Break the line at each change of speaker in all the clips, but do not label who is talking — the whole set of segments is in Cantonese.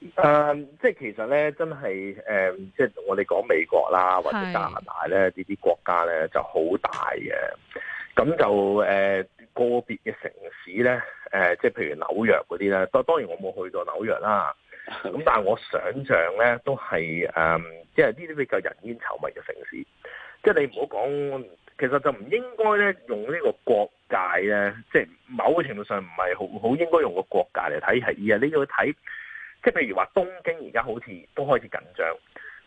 誒、uh, 呃，即係其實咧，真係誒，即係我哋講美國啦，或者加拿大咧呢啲國家咧就好大嘅。咁就誒、呃，個別嘅城市咧，誒、呃，即係譬如紐約嗰啲咧，當然我冇去過紐約啦。咁但係我想象咧，都係誒，即係呢啲比較人煙稠密嘅城市。即係你唔好講，其實就唔應該咧用呢個國界咧，即係某個程度上唔係好好應該用個國界嚟睇係，而係你要睇。即係譬如話東京而家好似都開始緊張，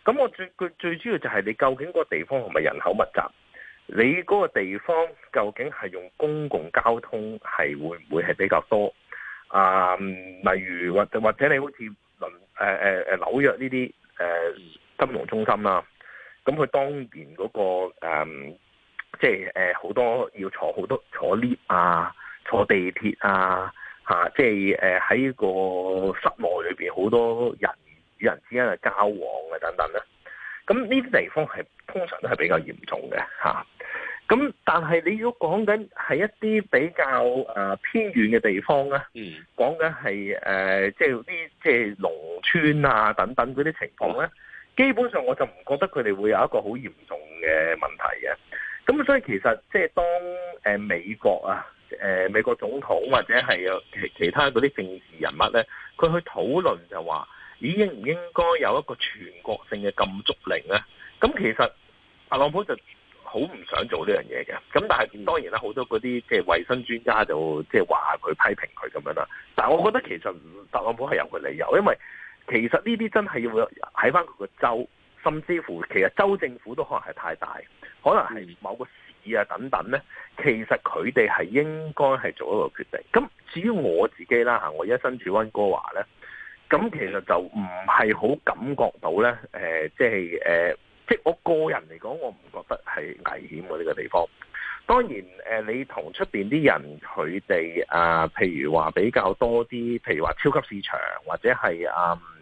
咁我最最最主要就係你究竟嗰個地方同埋人口密集？你嗰個地方究竟係用公共交通係會唔會係比較多？啊、嗯，例如或者或者你好似倫誒誒誒紐約呢啲誒金融中心啦、啊，咁佢當然嗰、嗰個、呃、即係誒好多要坐好多坐 lift 啊，坐地鐵啊。吓、啊，即係誒喺個室內裏邊，好多人與人之間嘅交往啊等等咧，咁呢啲地方係通常都係比較嚴重嘅吓。咁、啊、但係你如果講緊係一啲比較誒、呃、偏遠嘅地方咧，嗯，講緊係誒即係啲即係農村啊等等嗰啲情況咧，基本上我就唔覺得佢哋會有一個好嚴重嘅問題嘅。咁所以其實即係當誒、呃、美國啊。誒、呃、美國總統或者係有其其他嗰啲政治人物咧，佢去討論就話咦，應唔應該有一個全國性嘅禁足令咧？咁其實特朗普就好唔想做呢樣嘢嘅。咁但係當然啦，好多嗰啲即係衞生專家就即係話佢批評佢咁樣啦。但係我覺得其實特朗普係有佢理由，因為其實呢啲真係要喺返佢個州，甚至乎其實州政府都可能係太大，可能係某個。嘢啊！等等呢，其實佢哋係應該係做一個決定。咁至於我自己啦，嚇我而家身處溫哥華呢，咁其實就唔係好感覺到呢。誒、呃，即係誒、呃，即係我個人嚟講，我唔覺得係危險喎。呢、這個地方當然誒、呃，你同出邊啲人佢哋啊，譬如話比較多啲，譬如話超級市場或者係啊。嗯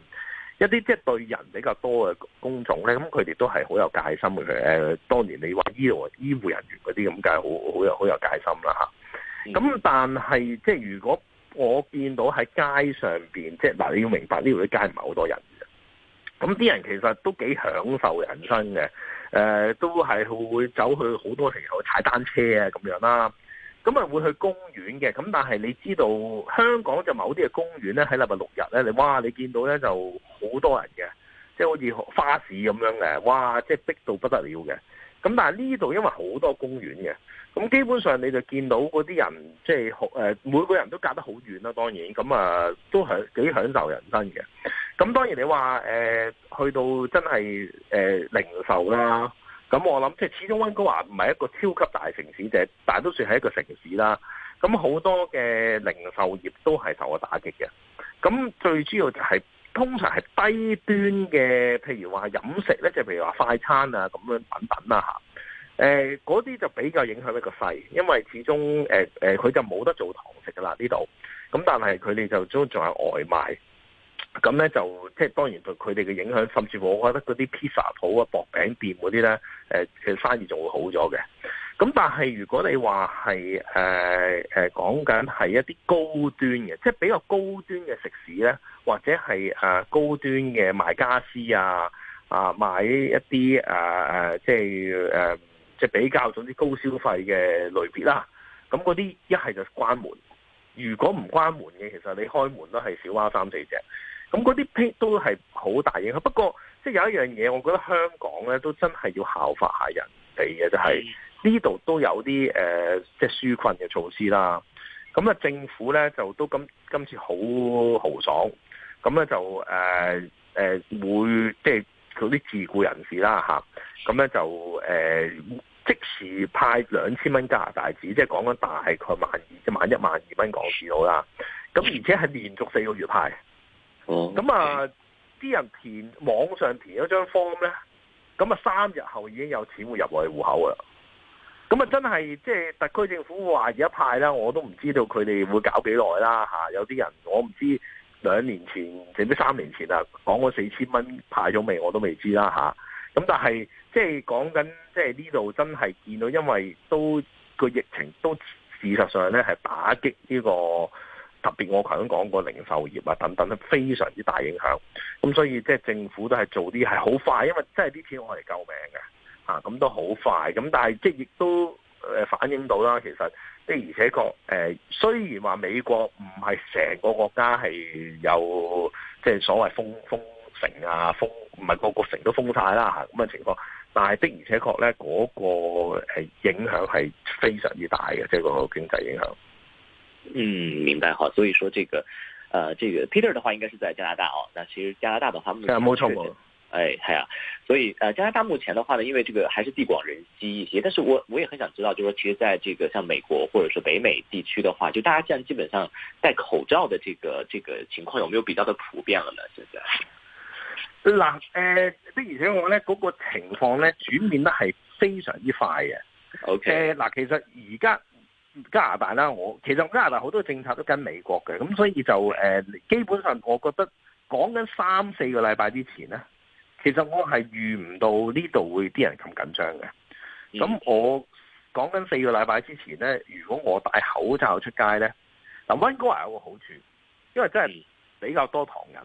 一啲即係對人比較多嘅工種咧，咁佢哋都係好有戒心嘅。誒，當年你話醫療、醫護人員嗰啲咁梗係，好好有好有戒心啦嚇。咁、嗯、但係即係如果我見到喺街上邊，即係嗱，你要明白呢條街唔係好多人嘅，咁啲人其實都幾享受人生嘅。誒、呃，都係會走去好多時候踩單車啊，咁樣啦。咁啊，會去公園嘅，咁但係你知道香港就某啲嘅公園咧喺禮拜六日咧，你哇你見到咧就，就好多人嘅，即係好似花市咁樣嘅，哇，即係逼到不得了嘅。咁但係呢度因為好多公園嘅，咁基本上你就見到嗰啲人即係、就是呃、每個人都隔得好遠啦、啊，當然咁啊都享幾享受人生嘅。咁當然你話誒、呃、去到真係誒、呃、零售啦、啊。咁我諗即係始終溫哥華唔係一個超級大城市，者但係都算係一個城市啦。咁好多嘅零售業都係受我打擊嘅。咁最主要就係、是、通常係低端嘅，譬如話飲食咧，就譬如話快餐啊咁樣等等啦嚇。誒嗰啲就比較影響一個細，因為始終誒誒佢就冇得做堂食噶啦呢度。咁但係佢哋就都仲有外賣。咁咧就即係當然對佢哋嘅影響，甚至乎我覺得嗰啲披薩鋪啊、薄餅店嗰啲咧，誒嘅生意仲會好咗嘅。咁但係如果你話係誒講緊係一啲高端嘅，即係比較高端嘅食肆咧，或者係誒高端嘅賣傢俬啊，啊買一啲誒、啊、即係誒、啊、即係比較總之高消費嘅類別啦。咁嗰啲一係就關門，如果唔關門嘅，其實你開門都係少話三四隻。咁嗰啲都係好大影響，不過即係、就是、有一樣嘢，我覺得香港咧都真係要效法下人哋嘅，就係呢度都有啲、呃、即係紓困嘅措施啦。咁、嗯、啊，政府咧就都今今次好豪爽，咁、嗯、咧就誒誒、呃呃、會即係嗰啲自雇人士啦嚇咁咧、嗯、就誒、呃、即時派兩千蚊加拿大紙，即係講緊大概萬二即萬一萬二蚊港紙好啦。咁、嗯、而且係連續四個月派。咁啊，啲人填網上填咗張 form 呢。咧，咁啊三日後已經有錢會入我哋戶口啦。咁啊真係即係特區政府話而家派啦，我都唔知道佢哋會搞幾耐啦吓。有啲人我唔知兩年前甚至三年前啊，講嗰四千蚊派咗未，我都未知啦吓。咁但係即係講緊即係呢度真係見到，因為都個疫情都事實上咧係打擊呢個。特別我頭先講過零售業啊等等咧，非常之大影響。咁所以即係政府都係做啲係好快，因為即係啲錢我嚟救命嘅啊，咁都好快。咁但係即係亦都誒反映到啦，其實的而且確誒、呃，雖然話美國唔係成個國家係有即係、就是、所謂封封城啊封，唔係個個城都封晒啦嚇咁嘅情況，但係的而且確咧嗰、那個影響係非常之大嘅，即、就、係、是、個經濟影響。嗯，明白
哈，所以說這個，呃，這個 Peter 的話應該是在加拿大哦。那其實加拿大的話目前，冇錯冇，哎係啊，所以，呃，加拿大目前的話呢，因為這個還是地廣人稀一些。但是我我也很想知道，就是說其實在這個像美國或者是北美地區的話，就大家現在基本上
戴口罩的這個這個情況，有沒有比較的普遍了呢？現在那，呃的而且我呢，嗰個情況呢，轉變得係非常之快嘅。OK，那其實而家，加拿大啦，我其實加拿大好多政策都跟美國嘅，咁所以就誒、呃、基本上我覺得講緊三四個禮拜之前咧，其實我係遇唔到呢度會啲人咁緊張嘅。咁我講緊四個禮拜之前咧，如果我戴口罩出街咧，嗱，溫哥華有個好處，因為真係比較多唐人，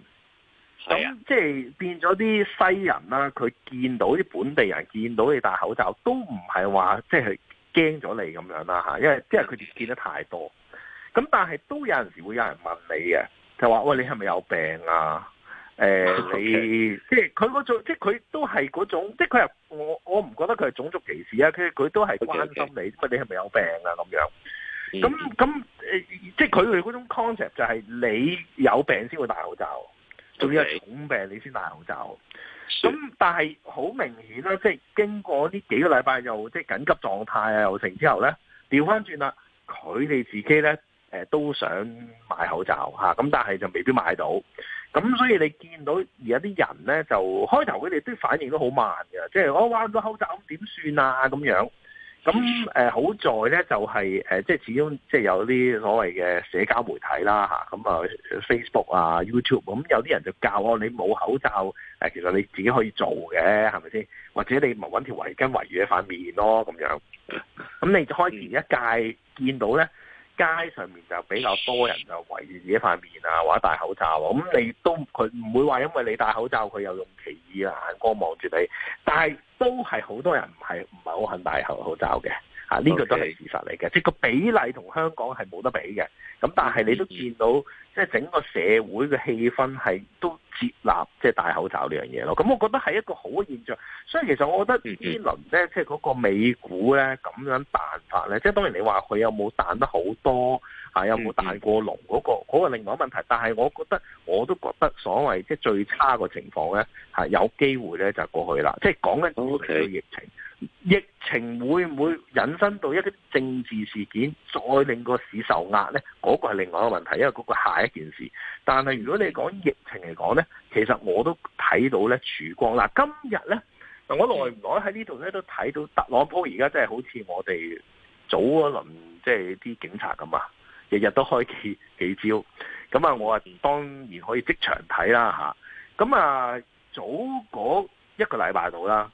咁、嗯、即係變咗啲西人啦，佢見到啲本地人見到你戴口罩，都唔係話即係。驚咗你咁樣啦嚇，因為即係佢哋見得太多，咁但係都有陣時候會有人問你嘅，就話喂你係咪有病啊？誒、呃，okay. 你即係佢嗰即係佢都係嗰種，即係佢又我我唔覺得佢係種族歧視啊，佢佢都係關心你，喂、okay, okay，你係咪有病啊咁樣？咁咁誒，即係佢哋嗰種 concept 就係、是、你有病先會戴口罩，仲要係重病你先戴口罩。咁但係好明顯啦，即係經過呢幾個禮拜，又即係緊急狀態又成之後咧，調翻轉啦，佢哋自己咧誒都想買口罩吓，咁但係就未必買到，咁所以你見到而家啲人咧，就開頭佢哋都反應都好慢嘅，即係我話個口罩、啊，咁點算啊咁樣。咁誒、呃、好在咧，就係即係始終即係有啲所謂嘅社交媒體啦咁啊，啊 Facebook 啊 YouTube，咁、啊、有啲人就教我你冇口罩、啊、其實你自己可以做嘅，係咪先？或者你咪搵條圍巾圍住塊面咯，咁樣。咁你開前一屆、嗯、見到咧。街上面就比較多人就圍住自己塊面啊，或者戴口罩咁、嗯、你都佢唔會話，因為你戴口罩，佢又用奇異啊眼光望住你。但係都係好多人唔係唔係好肯戴口口罩嘅。嚇、啊，呢、呢個都係事實嚟嘅，即係個比例同香港係冇得比嘅。咁但係你都見到。即係整個社會嘅氣氛係都接納即係、即係、戴口罩呢樣嘢咯，咁我覺得係一個好嘅現象。所以其實我覺得呢輪咧，即係嗰個美股咧咁樣彈法咧，即係當然你話佢有冇彈得好多吓、啊，有冇彈過龍嗰、嗰個嗯嗯、嗰個、另外一個問題。但係我覺得我都覺得所謂即係最差嘅情況咧係，有機會咧就、過去啦。即係講緊短期嘅疫情，okay. 疫情會唔會引申到一啲政治事件，再令個市受壓咧？嗰、嗰個係另外一個問題，因為嗰、嗰個一件事，但係如果你講疫情嚟講咧，其實我都睇到咧曙光。嗱，今日咧，我來唔來喺呢度咧都睇到特朗普而家真係好似我哋早嗰輪即係啲警察咁啊，日日都開幾幾招。咁啊，我當然可以即場睇啦吓。咁啊，早嗰一個禮拜度啦，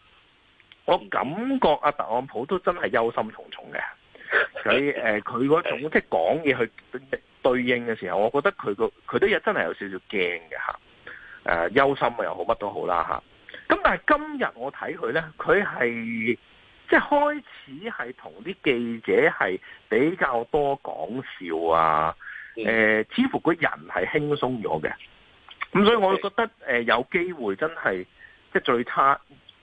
我感覺阿特朗普都真係憂心忡忡嘅。佢誒，佢嗰種即係講嘢去。對應嘅時候，我覺得佢個佢都有真係有少少驚嘅嚇，誒、呃、憂心又好乜都好啦嚇。咁、啊、但係今日我睇佢咧，佢係即係開始係同啲記者係比較多講笑啊，誒、嗯呃、似乎個人係輕鬆咗嘅。咁、嗯、所以我覺得誒有機會真係即係最差，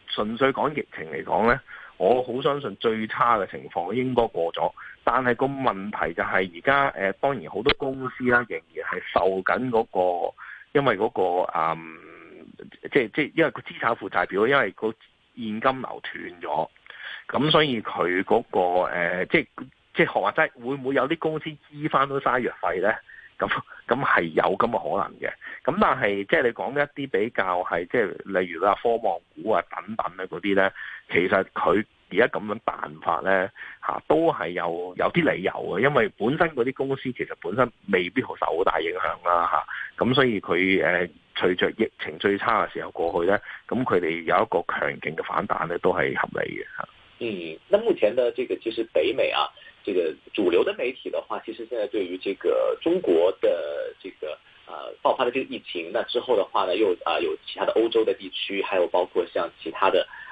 純粹講疫情嚟講咧，我好相信最差嘅情況應該過咗。但係個問題就係而家誒，當然好多公司啦、啊，仍然係受緊嗰、那個，因為嗰、那個、嗯、即係即係因為個資產負債表，因為個現金流斷咗，咁所以佢嗰、那個、呃、即係即係學話齋，會唔會有啲公司醫返都嘥藥費咧？咁咁係有咁嘅可能嘅。咁但係即係你講一啲比較係即係例如話，科網股啊等等咧嗰啲咧，其實佢。而家咁樣辦法咧、啊，都係有有啲理由嘅，因為本身嗰啲公司其實本身未必好受好大影響啦、啊，咁、啊啊、所以佢誒、啊、隨着疫情最差嘅時候過去咧，咁佢哋有一個強勁嘅反彈咧，都係合理嘅。嗯，
那目前的這個其實北美啊，這個主流的媒體的話，其實現在對於這個中國的這個、啊、爆發的這個疫情，那之後的話呢，又啊有其他的歐洲的地區，還有包括像其他的。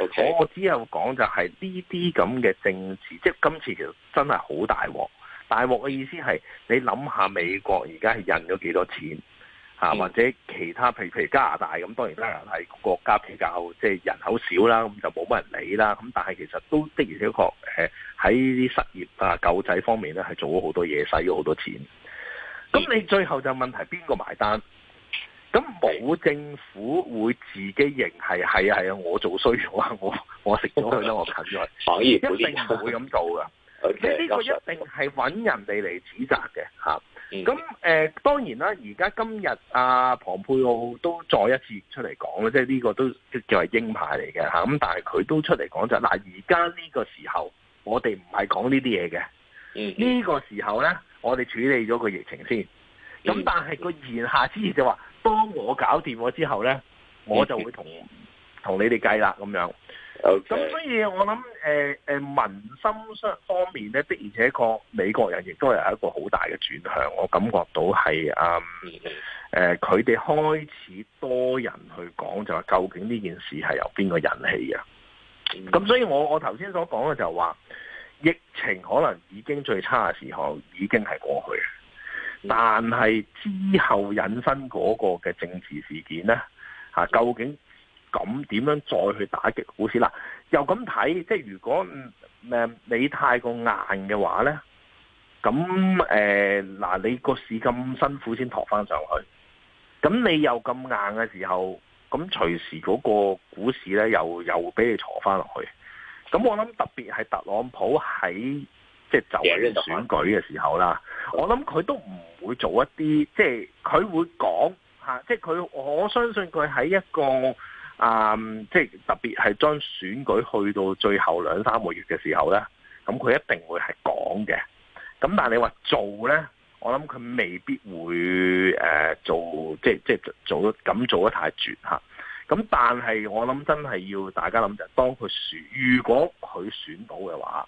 我我只有講就係呢啲咁嘅政治，即係今次其實真係好大鑊。大鑊嘅意思係你諗下美國而家係印咗幾多錢、啊、或者其他譬如譬如加拿大咁，當然加拿大係國家比較即係、就是、人口少啦，咁就冇乜人理啦。咁但係其實都的而且確係喺啲失業啊救濟方面咧係做咗好多嘢，使咗好多錢。咁你最後就問題邊個埋單？咁冇政府會自己認係，係啊，係啊，我做衰咗啊，我我食咗佢啦，我啃咗佢，一定唔會咁做噶。你 呢、okay, 個一定係揾人哋嚟指責嘅。咁誒當然啦，而家今日阿龐、啊、佩奧都再一次出嚟講咧，即係呢個都叫做鷹派嚟嘅。咁但係佢都出嚟講就嗱、是，而家呢個時候我哋唔係講呢啲嘢嘅。呢、嗯呢個時候咧，我哋處理咗個疫情先。咁但係個言下之意就話，當我搞掂咗之後呢，我就會同同 你哋計啦，咁樣。咁、okay. 所以我，我諗誒誒，民心方面呢，的而且確，美國人亦都係有一個好大嘅轉向。我感覺到係啊，誒、嗯，佢、呃、哋開始多人去講，就話究竟呢件事係由邊個引起啊？咁 所以我我頭先所講嘅就話，疫情可能已經最差嘅時候已經係過去。但係之後引申嗰個嘅政治事件呢，啊、究竟咁點樣，樣再去打擊股市啦、啊。又咁睇，即係如果你太過硬嘅話呢，咁誒嗱你個市咁辛苦先託翻上去，咁你又咁硬嘅時候，咁隨時嗰個股市呢，又又俾你坐翻落去。咁我諗特別係特朗普喺。即係就喺選舉嘅時候啦，我諗佢都唔會做一啲，即係佢會講吓，即係佢我相信佢喺一個啊、嗯，即係特別係將選舉去到最後兩三個月嘅時候咧，咁佢一定會係講嘅。咁但係你話做咧，我諗佢未必會誒做，即係即係做咁做得太絕吓。咁但係我諗真係要大家諗就當佢選，如果佢選到嘅話。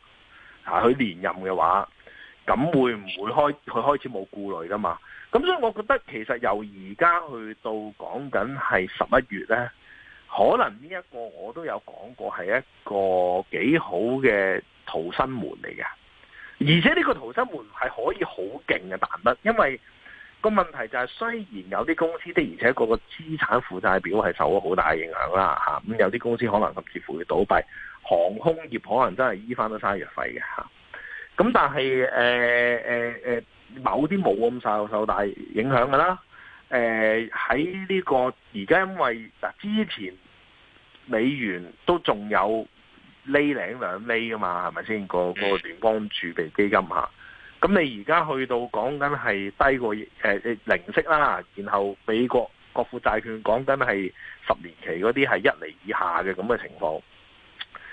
啊！佢連任嘅話，咁會唔會開佢開始冇顧慮噶嘛？咁所以我覺得其實由而家去到講緊係十一月呢，可能呢一個我都有講過係一個幾好嘅逃生門嚟嘅，而且呢個逃生門係可以好勁嘅彈得因為。個問題就係，雖然有啲公司的，而且個個資產負債表係受咗好大影響啦，咁有啲公司可能甚至乎會倒閉，航空業可能真係醫翻都生藥費嘅。咁但係誒、呃呃、某啲冇咁受受大影響㗎啦。喺、呃、呢、呢個而家因為嗱，之前美元都仲有釐零兩釐啊嘛，係咪先個、個聯邦儲備基金嚇？咁你而家去到講緊係低過、呃、零息啦，然後美國國庫債券講緊係十年期嗰啲係一厘以下嘅咁嘅情況，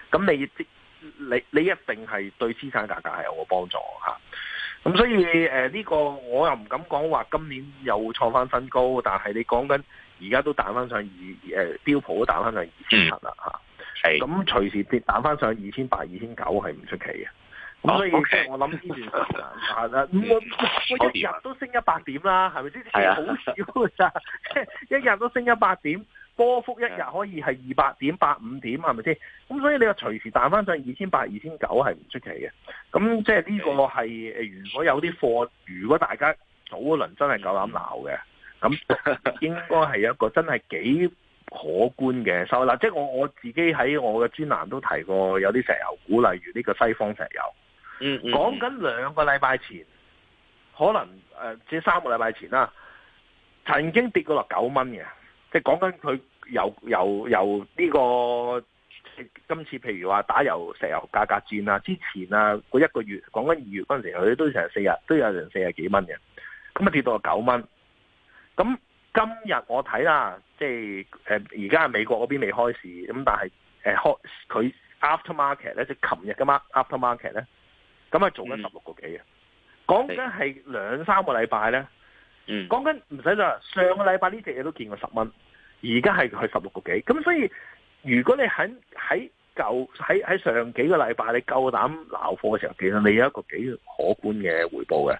咁你你你一定係對資產價格係有個幫助咁、啊、所以呢、呃呢個我又唔敢講話今年又創翻新高，但係你講緊而家都彈翻上二誒標普都彈翻上二千七啦嚇。係、啊。咁、嗯、隨、啊、時跌彈翻上二千八、二千九係唔出奇嘅。咁所以、oh, okay. 我諗呢段時間啦，係 啦、嗯，唔我我一日都升一百點啦，係咪先？好 少是咋！ 一日都升一百點，波幅一日可以係二百點、百五點，係咪先？咁所以你話隨時彈翻上二千八、二千九係唔出奇嘅。咁即係呢個係誒，如果有啲貨，如果大家早嗰輪真係夠膽鬧嘅，咁應該係一個真係幾可觀嘅收。嗱，即係我我自己喺我嘅專欄都提過，有啲石油股，例如呢個西方石油。嗯，講、嗯、緊兩個禮拜前，可能誒、呃，即三個禮拜前啦，曾經跌過落九蚊嘅，即講緊佢由由由呢、這個今次譬如話打油石油價格戰啊，之前啊嗰一個月，講緊二月嗰陣時，佢都成四日都有成四十幾蚊嘅，咁啊跌到落九蚊。咁今日我睇啦，即係誒而家係美國嗰邊未開市，咁但係誒開、呃、佢 after market 咧，即琴日嘅 after market 咧。咁啊，做緊十六個幾嘅，講緊係兩三個禮拜咧，講緊唔使就係上個禮拜呢隻嘢都見過十蚊，而家係去十六個幾。咁所以如果你喺喺舊喺喺上幾個禮拜你夠膽鬧貨嘅時候，其實你有一個幾可觀嘅回報嘅。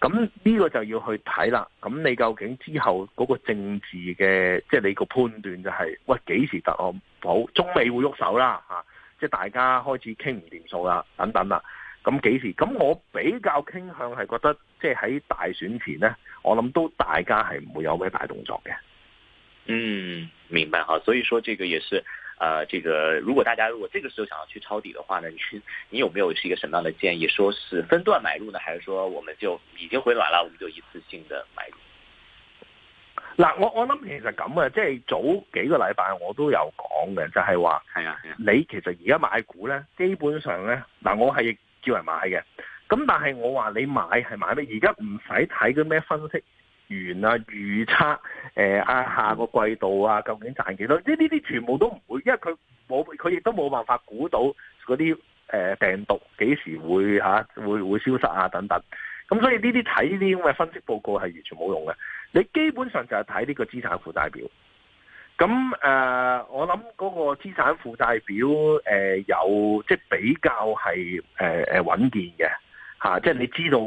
咁呢個就要去睇啦。咁你究竟之後嗰個政治嘅，即係你個判斷就係，喂，幾時答案？好，中美會喐手啦嚇，即係大家開始傾唔掂數啦，等等啦。咁幾時？咁我比較傾向係覺得，即係喺大選前呢，我諗都大家係唔會有咩大動作嘅。嗯，
明白哈。所以說，這個也是，啊，呃，這個如果大家如果這個時候想要去抄底的話呢，你你有沒有是一個什麼樣的建議？說是分段買入呢，還是說我們就已經回暖啦，我們就一次性的買入？
嗱，嗯，我我諗其實咁啊，即係早幾個禮拜我都有講嘅，就係話，係啊，係啊，你其實而家買股呢，基本上呢，嗱，嗯嗯，我係。叫人買嘅，咁但係我話你買係買咩？而家唔使睇啲咩分析員啊預測，誒、呃、啊下個季度啊究竟賺幾多？呢呢啲全部都唔會，因為佢冇佢亦都冇辦法估到嗰啲誒病毒幾時會嚇、啊、會會消失啊等等。咁所以呢啲睇呢啲咁嘅分析報告係完全冇用嘅。你基本上就係睇呢個資產負債表。咁誒、呃，我諗嗰個資產負債表誒、呃、有即比較係誒、呃、穩健嘅、啊、即係你知道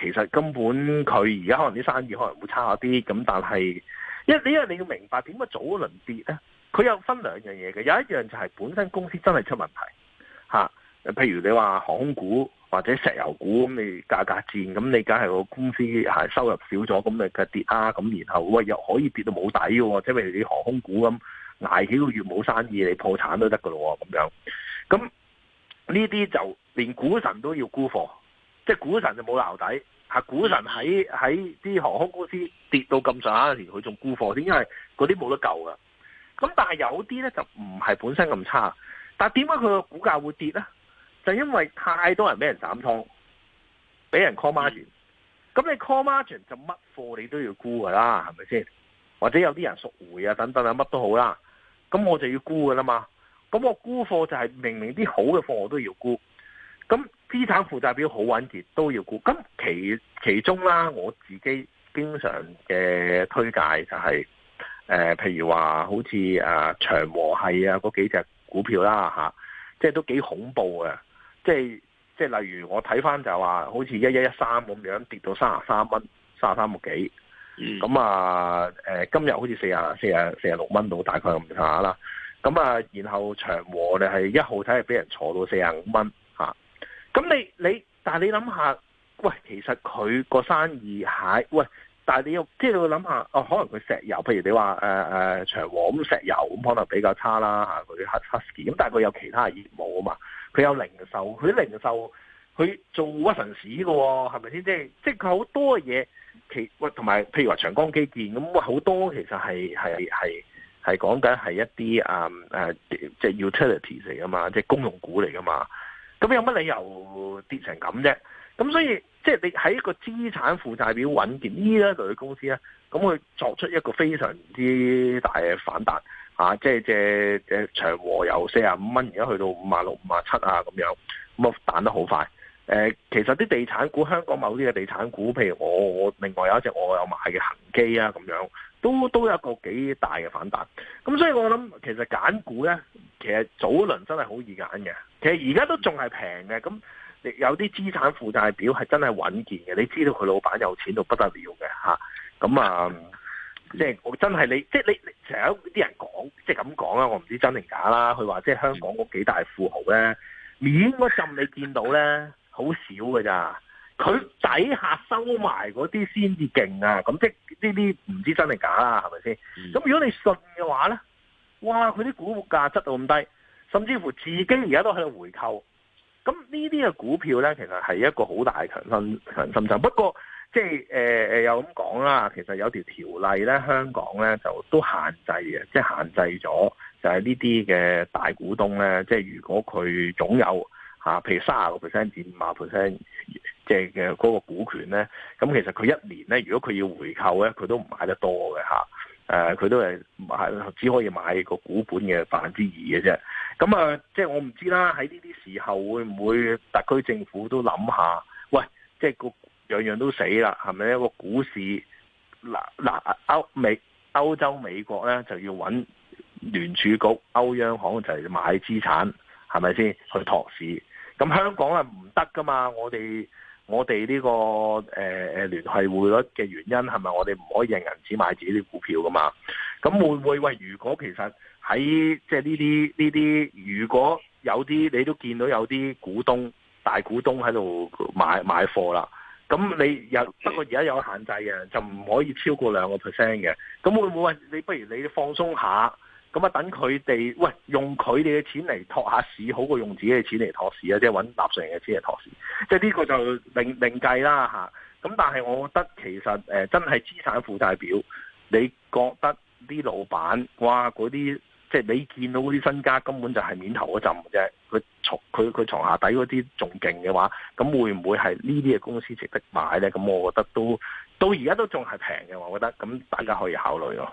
其實根本佢而家可能啲生意可能會差下啲，咁但係因為你要明白點解早輪跌咧？佢有分兩樣嘢嘅，有一樣就係本身公司真係出問題、啊、譬如你話航空股。或者石油股咁，你價格戰，咁你梗係個公司係收入少咗，咁你嘅跌啊，咁然後喂又可以跌到冇底嘅，即係譬如啲航空股咁挨幾個月冇生意，你破產都得噶咯，咁樣，咁呢啲就連股神都要沽貨，即係股神就冇留底，吓，股神喺喺啲航空公司跌到咁上下年，佢仲沽貨，點因為嗰啲冇得救噶，咁但係有啲咧就唔係本身咁差，但係點解佢個股價會跌咧？就因為太多人俾人斬倉，俾人 call margin，咁、嗯、你 call margin 就乜貨你都要沽㗎啦，係咪先？或者有啲人贖回啊，等等啊，乜都好啦，咁我就要沽㗎啦嘛。咁我沽貨就係明明啲好嘅貨我都要沽，咁資產負債表好穩健都要沽。咁其其中啦、啊，我自己經常嘅推介就係、是、譬、呃、如話好似誒、呃、長和系啊嗰幾隻股票啦吓，即、啊、係、就是、都幾恐怖嘅。即係即係，例如我睇翻就係話，好似一一一三咁樣跌到三十三蚊，三十三個幾。咁、嗯、啊、呃、今日好似四十四十四十六蚊到，大概咁上下啦。咁啊，然後長和咧係一號睇係俾人坐到四十五蚊嚇。咁你你，但係你諗下，喂，其實佢個生意蟹，喂，但係你又即係要諗下、就是，哦，可能佢石油，譬如你話誒、呃呃、長和咁石油咁，可能比較差啦嚇。佢 Husky 嘅，咁但係佢有其他業務啊嘛。佢有零售，佢零售佢做屈臣氏嘅喎，係咪先？即係即係佢好多嘢其，喂，同埋譬如話長江基建咁，好多其實係係係係講緊係一啲、嗯、啊即係、就是、utility 嚟噶嘛，即、就、係、是、公用股嚟噶嘛。咁有乜理由跌成咁啫？咁所以即係、就是、你喺一個資產負債表穩健呢一類嘅公司咧，咁佢作出一個非常之大嘅反彈。啊，即係借誒長和由四十五蚊，而家去到五十六、五十七啊，咁樣咁啊彈得好快。誒、呃，其實啲地產股，香港某啲嘅地產股，譬如我我另外有一隻我有買嘅恒基啊，咁樣都都有一個幾大嘅反彈。咁所以我諗其實揀股咧，其實早輪真係好易揀嘅。其實而家都仲係平嘅。咁有啲資產負債表係真係穩健嘅，你知道佢老闆有錢到不得了嘅咁啊。嗯、即係我真係你，即係你成日啲人講，即係咁講啦，我唔知真定假啦。佢話即係香港嗰幾大富豪咧，面我浸你見到咧，好少㗎咋。佢底下收埋嗰啲先至勁啊。咁即係呢啲唔知真定假啦，係咪先？咁、嗯、如果你信嘅話咧，哇！佢啲股價質到咁低，甚至乎自己而家都喺度回購。咁呢啲嘅股票咧，其實係一個好大嘅強心強心針。不過，即係誒誒又咁講啦，其實有條條例咧，香港咧就都限制嘅，即係限制咗就係呢啲嘅大股東咧，即係如果佢總有嚇、啊，譬如卅個 percent 至五啊 percent，即係嘅嗰個股權咧，咁其實佢一年咧，如果佢要回購咧，佢都唔買得多嘅嚇、佢、啊、都係只可以買個股本嘅百分之二嘅啫。咁啊，即係我唔知啦，喺呢啲時候會唔會特區政府都諗下，喂，即係個。樣樣都死啦，係咪一個股市？嗱嗱歐美歐洲美國咧就要揾聯儲局、歐央行就嚟、是、買資產，係咪先去托市？咁香港係唔得噶嘛？我哋我哋呢、這個誒誒聯繫匯率嘅原因係咪我哋唔可以認銀紙買自己啲股票噶嘛？咁會唔會喂？如果其實喺即係呢啲呢啲，如果有啲你都見到有啲股東大股東喺度買買貨啦？咁你有不過而家有限制嘅，就唔可以超過兩個 percent 嘅。咁會唔會你不如你放鬆下，咁啊等佢哋喂用佢哋嘅錢嚟托下市，好過用自己嘅錢嚟托市，就是市就是、啊！即係揾納稅人嘅錢嚟托市，即係呢個就另另計啦吓，咁但係我覺得其實、呃、真係資產負債表，你覺得啲老闆哇嗰啲。即係你見到嗰啲身家根本就係面頭嗰陣，佢床佢佢牀下底嗰啲仲勁嘅話，咁會唔會係呢啲嘅公司值得買咧？咁我覺得都到而家都仲係平嘅，我覺得咁大家可以考慮咯。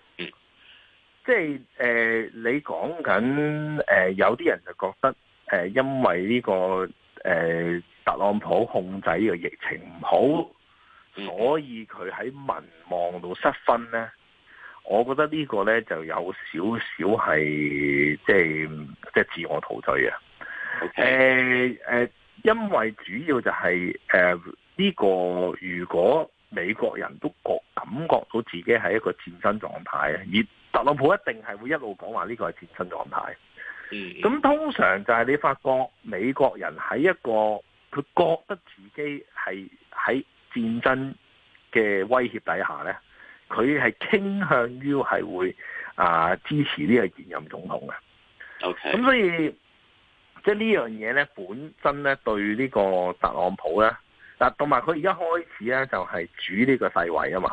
即係誒、呃，你講緊誒，有啲人就覺得誒、呃，因為呢、呢個誒、呃、特朗普控制呢個疫情唔好，所以佢喺民望度失分咧。我覺得個呢個咧就有少少係即係即係自我陶醉啊。誒、okay. 誒、呃呃，因為主要就係誒呢個，如果美國人都覺感覺到自己係一個戰爭狀態特朗普一定係會一路講話呢個係戰爭狀態，
咁、嗯、
通常就係你發覺美國人喺一個佢覺得自己係喺戰爭嘅威脅底下呢，佢係傾向於係會啊支持呢個現任總統嘅。咁、okay. 所以即係呢樣嘢呢，就是、本身呢對呢個特朗普呢，嗱，同埋佢而家開始呢就係、是、主呢個世衛啊嘛。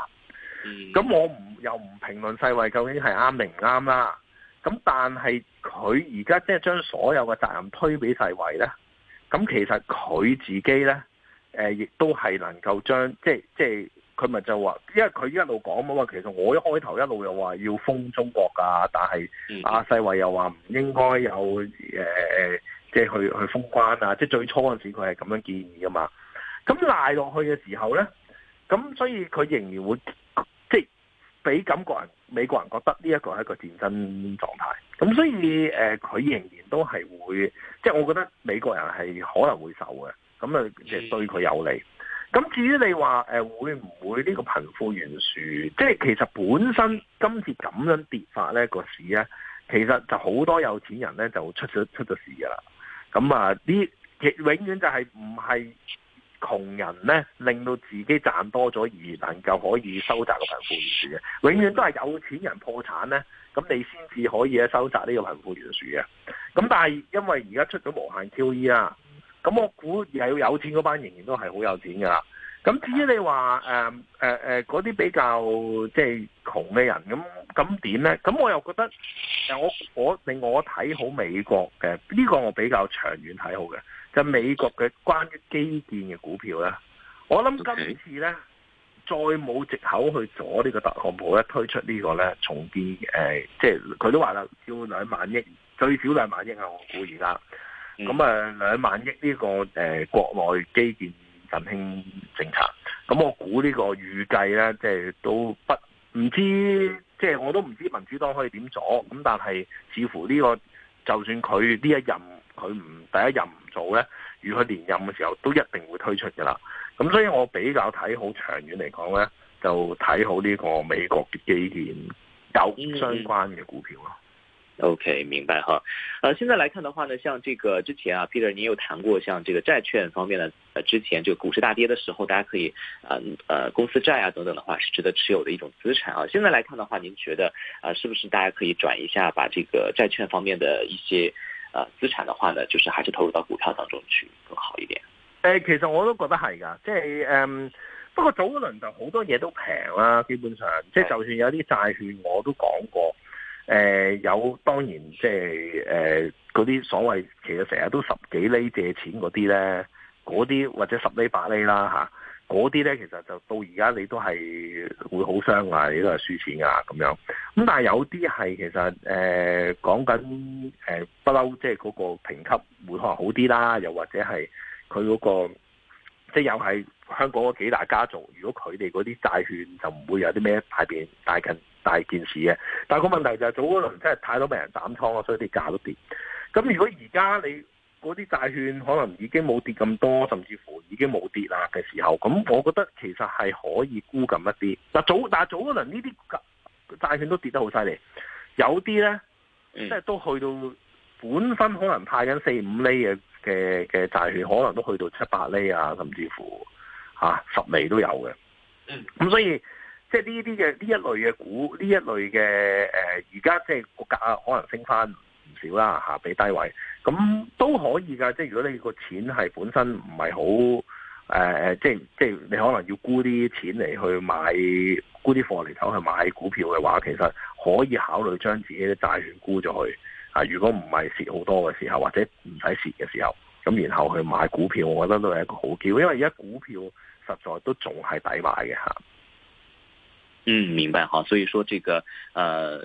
咁、嗯、我唔又唔評論世衛究竟係啱定唔啱啦。咁但係佢而家即係將所有嘅責任推俾世衛咧。咁其實佢自己咧，亦都係能夠將即係即係佢咪就話，因為佢一路講咁啊。其實我一開頭一路又話要封中國噶，但係阿、啊、世衛又話唔應該有、呃、即係去去封關啊！即係最初嗰陣時，佢係咁樣建議噶嘛。咁賴落去嘅時候咧，咁所以佢仍然會。俾感覺人美國人覺得呢一個係一個戰爭狀態，咁所以誒佢、呃、仍然都係會，即係我覺得美國人係可能會受嘅，咁啊即係對佢有利。咁至於你話誒、呃、會唔會呢個貧富懸殊，即係其實本身今次咁樣跌法呢個市咧，其實就好多有錢人咧就出咗出咗事㗎啦。咁啊，呢亦永遠就係唔係窮人咧令到自己賺多咗而能夠可以收窄個貧富懸殊嘅，永遠都係有錢人破產咧，咁你先至可以收窄呢個貧富懸殊嘅。咁但係因為而家出咗無限 QE 啦，咁我估要有錢嗰班仍然都係好有錢噶啦。咁至於你話誒誒誒嗰啲比較即係窮嘅人咁咁點咧？咁我又覺得其實、呃、我，我令我睇好美國嘅呢、呢個我比較長遠睇好嘅。美國嘅關於基建嘅股票咧，我諗今次咧、okay. 再冇藉口去阻呢個特朗普咧推出呢個咧重建誒、呃，即係佢都話啦，要兩萬億，最少兩萬億啊！我估而家咁誒兩萬億呢、呢個誒、呃、國內基建振興政策，咁我估呢個預計咧，即係都不唔知道，mm. 即係我都唔知道民主黨可以點阻，咁但係似乎呢、呢個就算佢呢一任佢唔第一任。到咧，如果連任嘅時候都一定會推出嘅啦，咁所以我比較睇好長遠嚟講咧，就睇好呢個美國嘅基建有相關嘅股票咯。OK，明白哈。
啊、呃，現在來看的話呢，像這個之前啊，Peter，您有談過，像這個債券方面呢，呃，之前就股市大跌的時候，大家可以，嗯、呃，呃，公司債啊等等的話，是值得持有的一種資產啊。現在來看的話，您覺得啊、呃，是不是大家可以轉一下，把這個債券方面的一些，啊，資產嘅話呢，就是還是投入到股票當中去更好一點。
誒，其實我都覺得係噶，即係誒，不過早嗰輪就好多嘢都平啦，基本上即係、就是、就算有啲債券，我都講過，誒、呃、有，當然即係誒嗰啲所謂其實成日都十幾厘借錢嗰啲咧，嗰啲或者十厘八厘啦吓。嗰啲咧，其實就到而家你都係會好傷噶，你都係輸錢噶咁樣。咁但係有啲係其實誒、呃、講緊誒不嬲，即係嗰個評級會可能好啲啦，又或者係佢嗰個即係、就是、又係香港嗰幾大家族，如果佢哋嗰啲債券就唔會有啲咩大變大近大件事嘅。但係個問題就係、是、早嗰輪真係太多人斬倉啦，所以啲價都跌。咁如果而家你嗰啲債券可能已經冇跌咁多，甚至乎已經冇跌啦嘅時候，咁我覺得其實係可以估近一啲。嗱早但係早嗰輪呢啲債券都跌得好犀利，有啲呢即係、就是、都去到本身可能派緊四五厘嘅嘅嘅債券，可能都去到七八厘啊，甚至乎嚇、啊、十厘都有嘅。
咁
所以即係呢啲嘅呢一類嘅股，呢一類嘅誒，而、呃、家即係個價可能升翻唔少啦嚇，下比低位。咁、嗯、都可以噶，即係如果你個錢係本身唔係好誒，即係即係你可能要沽啲錢嚟，去買沽啲貨嚟頭去買股票嘅話，其實可以考慮將自己嘅債券沽咗去啊。如果唔係蝕好多嘅時候，或者唔使蝕嘅時候，咁然後去買股票，我覺得都係一個好機會，因為而家股票實在都仲係抵買嘅吓。嗯，明白
哈。所以說這個，誒、呃。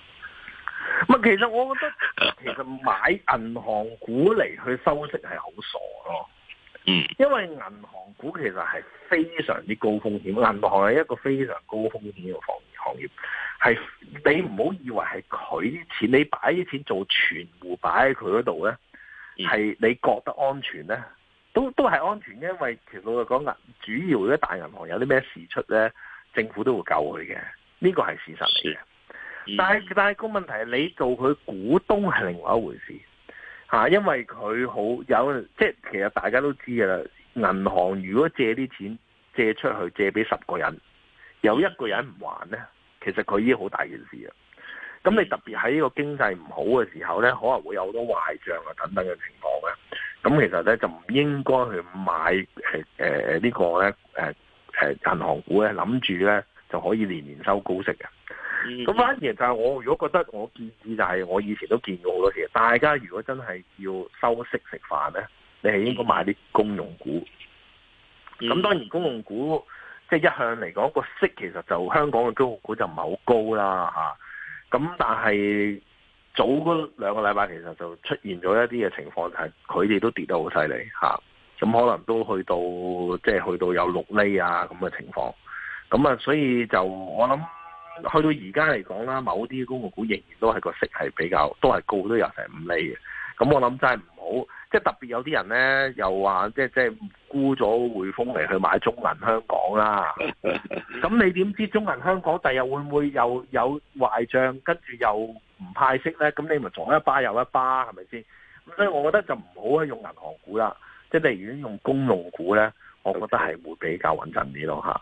唔係，其實我覺得其實買銀行股嚟去收息係好傻咯。嗯，因為銀行股其實係非常之高風險，銀行係一個非常高風險嘅行業，係、嗯、你唔好以為係佢啲錢，你擺啲錢做存戶擺喺佢嗰度咧，係、嗯、你覺得安全咧，都都係安全，因為其實老實講銀，主要咧大銀行有啲咩事出咧，政府都會救佢嘅，呢、呢個係事實嚟嘅。嗯、但係但係個問題是你做佢股東係另外一回事吓、啊，因為佢好有即係，其實大家都知噶啦。銀行如果借啲錢借出去，借俾十個人，有一個人唔還咧，其實佢已經好大件事啊。咁你特別喺呢個經濟唔好嘅時候咧，可能會有好多壞賬啊等等嘅情況嘅。咁其實咧就唔應該去買誒誒、呃這個、呢個咧誒誒銀行股咧，諗住咧就可以年年收高息嘅。咁、嗯、反而就係我如果覺得，我建議就係我以前都見過好多次。其實大家如果真係要收息食飯咧，你係應該買啲公用股。咁當然公用股即係、就是、一向嚟講，個息其實就香港嘅公用股就唔係好高啦吓，咁、啊、但係早嗰兩個禮拜其實就出現咗一啲嘅情況，就係佢哋都跌得好犀利吓，咁可能都去到即係、就是、去到有六厘啊咁嘅情況。咁啊，所以就我諗。去到而家嚟講啦，某啲公用股仍然都係個息係比較都係高，都有成五厘嘅。咁、嗯、我諗真係唔好，即係特別有啲人咧，又話即係即係沽咗匯豐嚟去買中銀香港啦。咁 你點知中銀香港第日會唔會又有壞賬，跟住又唔派息咧？咁你咪撞一巴又一巴係咪先？咁所以我覺得就唔好啊用銀行股啦，即你如果用公用股咧，我覺得係會比較穩陣啲咯嚇。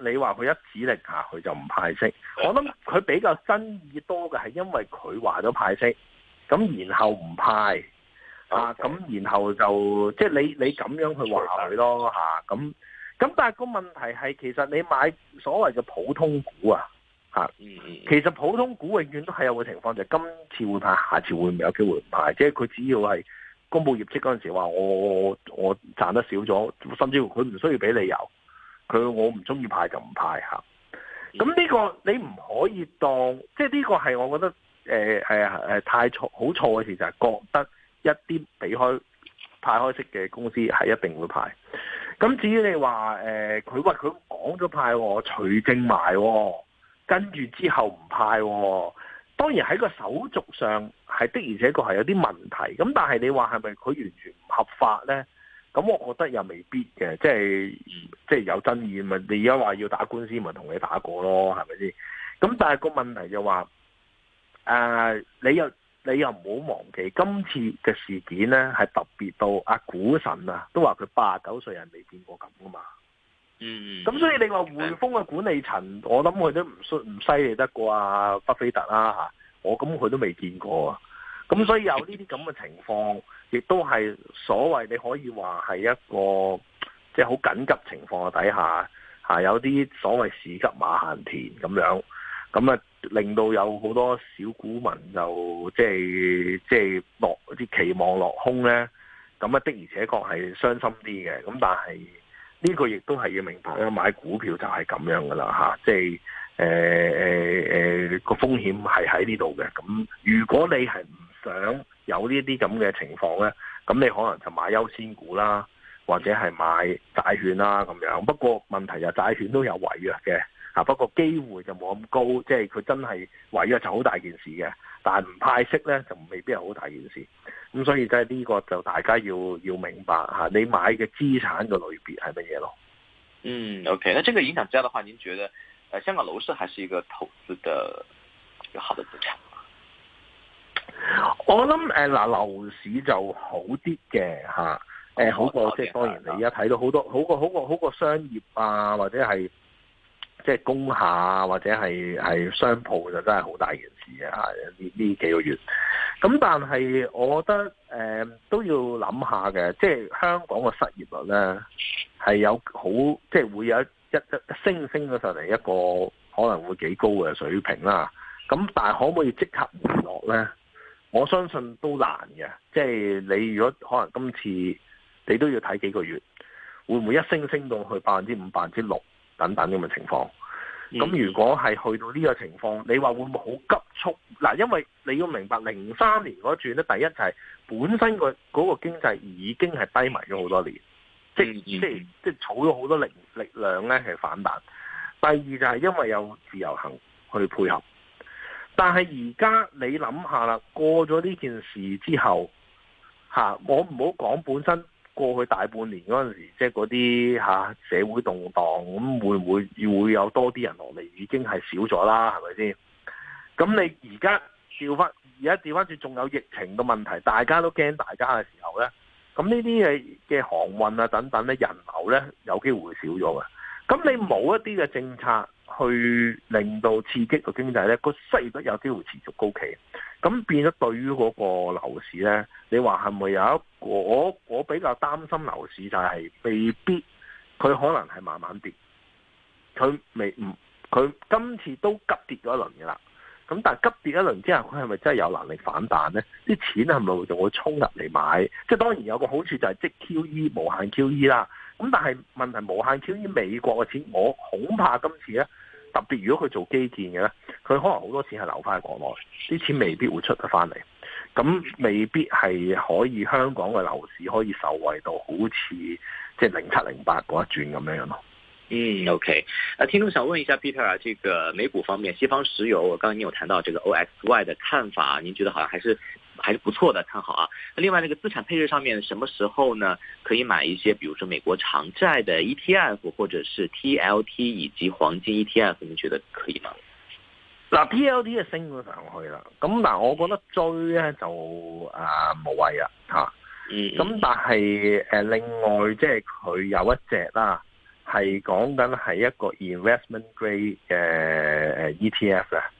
你話佢一指令下佢就唔派息。我諗佢比較爭議多嘅係因為佢話咗派息，咁然後唔派、okay. 啊，咁然後就即係你你咁樣去話佢咯嚇。咁、啊、咁但係個問題係其實你買所謂嘅普通股啊，其實普通股永遠都係有個情況就係、是、今次會派，下次會唔會有機會派，即係佢只要係公布業績嗰陣時話我我我賺得少咗，甚至乎佢唔需要俾理由。佢，我唔中意派就唔派下，咁呢個你唔可以當。即係呢個係我覺得誒啊、呃、太錯好錯嘅事就係、是、覺得一啲畀開派開息嘅公司係一定會派。咁至於你話誒佢話佢講咗派我取證喎，跟住之後唔派，當然喺個手續上係的而且確係有啲問題。咁但係你話係咪佢完全唔合法咧？咁我覺得又未必嘅，即係即係有爭議咪？你而家話要打官司咪同你打過咯，係咪先？咁但係個問題就話，誒、呃、你又你又唔好忘記，今次嘅事件咧係特別到阿股、啊、神啊，都話佢八十九歲人未見過咁噶嘛。嗯。咁所以你話匯豐嘅管理層，我諗佢都唔唔犀利得過阿巴菲特啊嚇，我咁佢都未見過啊。咁所以有呢啲咁嘅情況。 亦都係所謂你可以話係一個即係好緊急情況底下，有啲所謂事急馬行田咁樣，咁啊令到有好多小股民就即係即係落啲期望落空咧，咁啊的而且確係傷心啲嘅。咁但係呢個亦都係要明白咧，買股票就係咁樣噶啦，即係個、欸欸、風險係喺呢度嘅。咁如果你係唔想，有呢啲咁嘅情況呢，咁你可能就買優先股啦，或者係買債券啦咁樣。不過問題就是債券都有違約嘅嚇、啊，不過機會就冇咁高，即係佢真係違約就好大件事嘅。但係唔派息呢，就未必係好大件事。咁所以即係呢個就大家要要明白嚇，你買嘅資產嘅類別係乜嘢咯。嗯
，OK，呢這個影響之下的話，你覺得、呃、香港樓市還是一個投資嘅有好的資產？
我諗誒，嗱、啊、樓市就好啲嘅吓，
誒、啊、好過
即係當然你而家睇到好多好過好過好過商業啊，或者係即係工廈啊，或者係係商鋪就真係好大件事啊！呢呢幾個月，咁但係我覺得誒、呃、都要諗下嘅，即、就、係、是、香港嘅失業率咧係有好即係、就是、會有一一,一升升咗上嚟一個可能會幾高嘅水平啦。咁但係可唔可以即刻回落咧？我相信都難嘅，即係你如果可能今次你都要睇幾個月，會唔會一升升到去百分之五、百分之六等等咁嘅情況，咁、嗯、如果係去到呢個情況，你話會唔會好急促？嗱，因為你要明白零三年嗰轉咧，第一就係本身個嗰個經濟已經係低迷咗好多年，嗯、即、嗯、即即儲咗好多力力量咧係反彈，第二就係因為有自由行去配合。但係而家你諗下啦，過咗呢件事之後，吓我唔好講本身過去大半年嗰陣時，即係嗰啲吓社會動盪，咁會唔會會有多啲人落嚟？已經係少咗啦，係咪先？咁你而家調翻而家調翻轉，仲有疫情嘅問題，大家都驚大家嘅時候咧，咁呢啲嘅嘅航運啊等等咧，人流咧有機會少咗嘅。咁你冇一啲嘅政策，去令到刺激個經濟咧，個失業率有機會持續高企，咁變咗對於嗰個樓市咧，你話係咪有一個？我比較擔心樓市就係、是、未必，佢可能係慢慢跌，佢未唔佢今次都急跌咗一輪嘅啦。咁但係急跌一輪之後，佢係咪真係有能力反彈咧？啲錢係咪就會衝入嚟買？即係當然有個好處就係即 QE 無限 QE 啦。咁但係問題無限 QE 美國嘅錢，我恐怕今次咧。特別如果佢做基建嘅咧，佢可能好多錢係留翻喺國內，啲錢未必會出得翻嚟，咁未必係可以香港嘅樓市可以受惠到好似即係零七零八嗰一轉咁樣樣咯。嗯，OK。
阿聽眾想問一下 Peter 啊，呢、呢個美股方面，西方石油，我剛剛已經有談到這個 OXY 嘅看法，您覺得好像還是？還是不錯的，看好啊！另外，那個資產配置上面，什麼時候呢？可以買一些，比如說美國長債的 ETF，或者是 TLT 以及黃金 ETF，你覺得可以嗎？
嗱 TLT 就升咗上去啦，咁嗱，我覺得追呢就誒無謂啦吓，嗯，咁但係誒、呃、另外即係佢有一隻啦、啊，係講緊係一個 investment grade 誒 ETF 啊，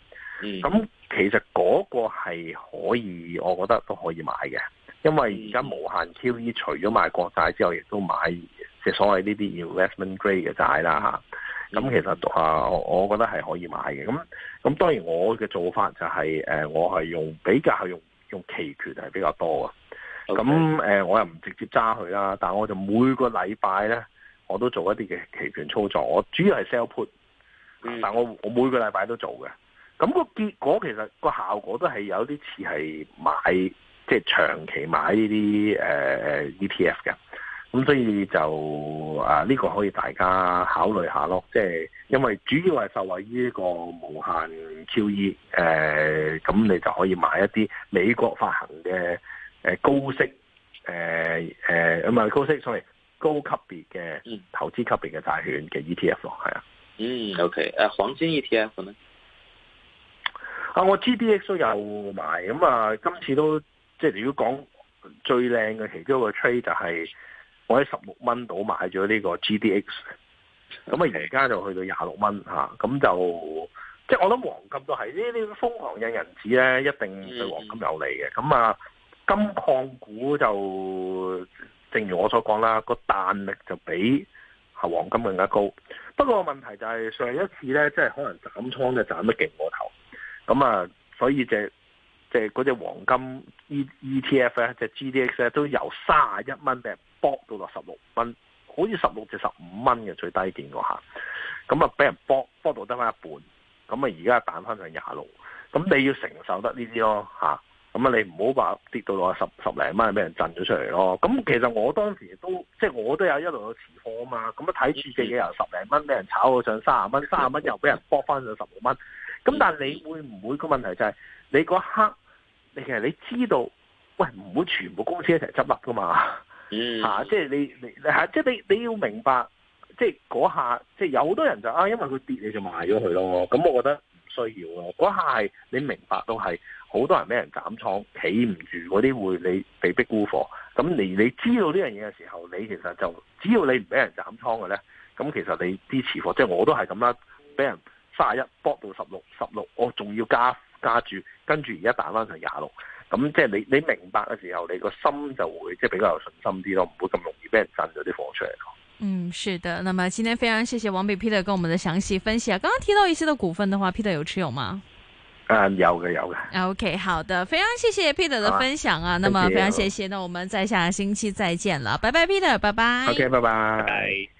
嗯，咁。其實嗰個係可以，我覺得都可以買嘅，因為而家無限 QE 除咗買國債之外，亦都買即係所謂呢啲 investment grade 嘅債啦吓，咁其實啊，我我覺得係可以買嘅。咁咁當然我嘅做法就係、誒呃、我係用比較係用用期權係比較多啊。咁、okay. 呃、我又唔直接揸佢啦，但係我就每個禮拜咧，我都做一啲嘅期權操作。我主要係 sell put，mm. 但係我我每個禮拜都做嘅。咁、那個結果其實個效果都係有啲似，係買即係、就是、長期買呢啲誒 E T F 嘅，咁所以就啊呢個可以大家考慮下咯，即、就、係、是、因為主要係受惠於呢個無限 QE，誒咁你就可以買一啲美國發行嘅誒高息誒誒唔係高息，sorry，高級別嘅投資級別嘅債券嘅 E T F 係啊，嗯
，O K，誒黃金 E T F 咧？
啊！我 GDX 都有買，咁啊，今次都即係如果講最靚嘅其中一個 trade 就係我喺十六蚊度買咗呢個 GDX，咁啊而家就去到廿六蚊嚇，咁就即係我諗黃金都係呢啲瘋狂印銀紙咧，一定對黃金有利嘅。咁啊，金礦股就正如我所講啦，個彈力就比嚇黃金更加高。不過問題就係上一次咧，即係可能斬倉就斬得勁過頭。咁啊，所以就就嗰隻黃金 E E T F 咧、啊，即 G D X 咧、啊，都由三啊一蚊俾人博到落十六蚊，好似十六至十五蚊嘅最低見過嚇。咁啊，俾人博，博到得翻一半。咁啊，而家彈翻上廿六。咁你要承受得呢啲咯吓，咁啊，你唔好話跌到落十十零蚊，俾人震咗出嚟咯。咁其實我當時都即係我都有一路有持貨啊嘛。咁啊睇住嘅由十零蚊俾人炒到上三啊蚊，三啊蚊又俾人博翻上十五蚊。咁、嗯、但係你會唔會、個問題就係你嗰刻，你其實你知道，喂唔會全部公司一齊執笠噶嘛？嗯，
即、啊、
係、即係、你你即、即係、你你要明白，即係嗰下，即、就、係、是、有好多人就啊，因為佢跌你就賣咗佢咯。咁我覺得唔需要咯。嗰下係你明白，都係好多人俾人斬倉，企唔住嗰啲會你被逼沽貨。咁你你知道呢樣嘢嘅時候，你其實就只要你唔俾人斬倉嘅咧，咁其實你啲持貨，即、就、係、是、我都係咁啦，俾人。八一搏到十六，哦，十六我仲要加加住，跟住而家打翻成廿六，咁即係你你明白嘅時候，你個心就會即係比較有信心啲咯，唔會咁容易俾人震咗啲貨出嚟咯。
嗯，是的，那麼今天非常謝謝王弼 Peter 跟我們嘅詳細分析啊，剛剛提到一些的股份的話，Peter 有持有嗎？
誒、嗯，有嘅有
嘅。OK，好的，非常謝謝 Peter 嘅分享啊，啊那麼 okay, 非常謝謝，uh. 那我們在下星期再見啦，拜拜，Peter，拜拜。OK，拜
拜。Bye bye